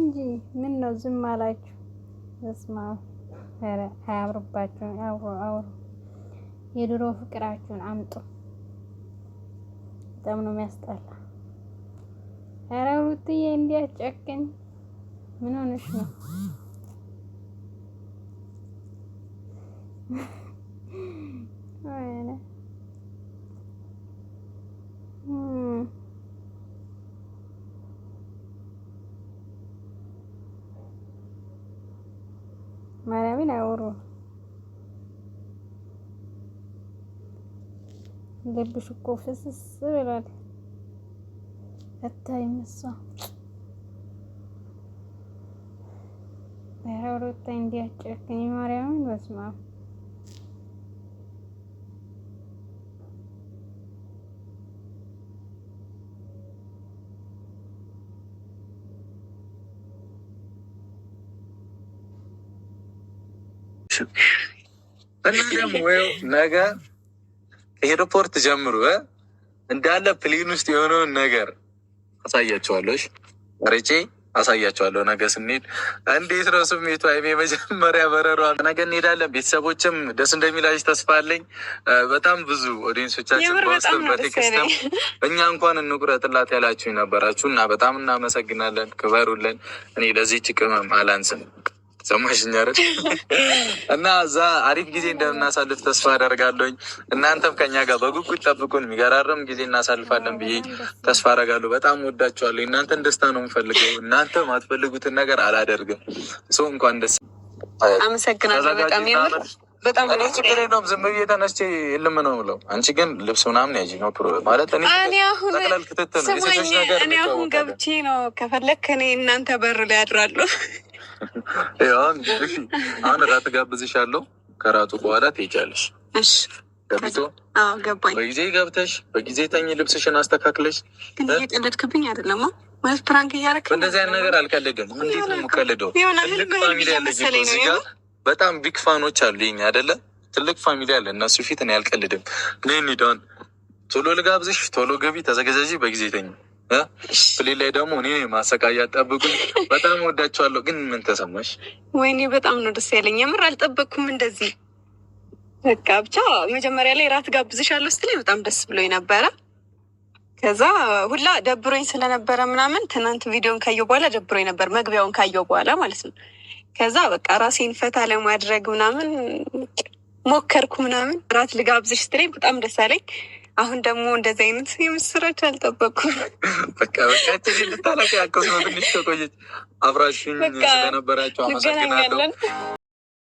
እንጂ ምን ነው ዝም አላችሁ? በስመ አብ ኧረ አውሩ አውሩ፣ የድሮ ፍቅራችሁን አምጡ። በጣም ነው የሚያስጠላ። ኧረ ሩትዬ እንዲያጨቅኝ ምን ሆነሽ ነው? ማርያምን አያወሩም። ልብሽ እኮ ፍስስ ብሏል። አታይም እሷ ኧረ ሩታ እንዲያጨክኝ ማርያምን በስመ አልደረስም። እና ደግሞ ነገ ኤርፖርት ጀምሩ እንዳለ ፕሊን ውስጥ የሆነውን ነገር አሳያቸዋለሽ ርጬ አሳያቸዋለሁ። ነገ ስንሄድ እንዴት ነው ስሜቱ? አይሜ መጀመሪያ በረሯል። ነገ እንሄዳለን። ቤተሰቦችም ደስ እንደሚላች ተስፋ አለኝ። በጣም ብዙ ኦዲየንሶቻችን በውስጥም በቴክስትም እኛ እንኳን እንቁረጥላት ያላችሁ ነበራችሁ እና በጣም እናመሰግናለን። ክበሩልን። እኔ ለዚህ ጭቅመም አላንስም። ሰማሽኝ አይደል? እና እዛ አሪፍ ጊዜ እንደምናሳልፍ ተስፋ አደርጋለሁኝ። እናንተም ከኛ ጋር በጉጉት ጠብቁን። የሚገራርም ጊዜ እናሳልፋለን ብዬ ተስፋ አደርጋለሁ። በጣም ወዳችኋለሁ። እናንተን ደስታ ነው የምፈልገው። እናንተ ማትፈልጉትን ነገር አላደርግም። ሰው እንኳን ደስ አመሰግናለሁ። በጣም ዝም ብዬ ተነስቼ ልም ነው ብለው አንቺ ግን ልብስ ምናምን ያዥ ነው ማለት ጠቅላል ክትትል እኔ አሁን ገብቼ ነው ከፈለግ ከኔ እናንተ በር ላይ አድራለሁ። አሁን እራት ጋብዝሻለሁ። ከራቱ በኋላ ትሄጃለሽ። ገብቶ በጊዜ ገብተሽ በጊዜ ተኝ፣ ልብስሽን አስተካክለሽ። ግን እየቀለድክብኝ አይደለም ማለት ፕራንክ እያደረክ እንደዚህ አይነት ነገር አልቀልድም። እንዴት ነው የምቀልደው? ትልቅ ፋሚሊ ያለ በጣም ቢግ ፋኖች አሉ ይኝ አደለ? ትልቅ ፋሚሊ አለ። እነሱ ፊት እኔ አልቀልድም። ኔኒዳን ቶሎ ልጋብዝሽ፣ ቶሎ ገቢ ተዘገጃጂ፣ በጊዜ ተኝ። ፍሌል ላይ ደግሞ እኔ ማሰቃያ ጠብቁ። በጣም ወዳቸዋለሁ። ግን ምን ተሰማሽ? ወይኔ በጣም ነው ደስ ያለኝ። የምር አልጠበቅኩም እንደዚህ። በቃ ብቻ መጀመሪያ ላይ ራት ጋብዝሻለሁ ስትለኝ በጣም ደስ ብሎኝ ነበረ። ከዛ ሁላ ደብሮኝ ስለነበረ ምናምን ትናንት ቪዲዮን ካየ በኋላ ደብሮኝ ነበር፣ መግቢያውን ካየው በኋላ ማለት ነው። ከዛ በቃ ራሴን ፈታ ለማድረግ ምናምን ሞከርኩ ምናምን። ራት ልጋብዝሽ ስትለኝ በጣም ደስ አለኝ። አሁን ደግሞ እንደዚህ አይነት የምስራች አልጠበኩም። በቃ በቃ ልታላቅ ያቀስ ነው ትንሽ ተቆየች። አብራሽኝ ስለነበራቸው አመሰግናለሁ።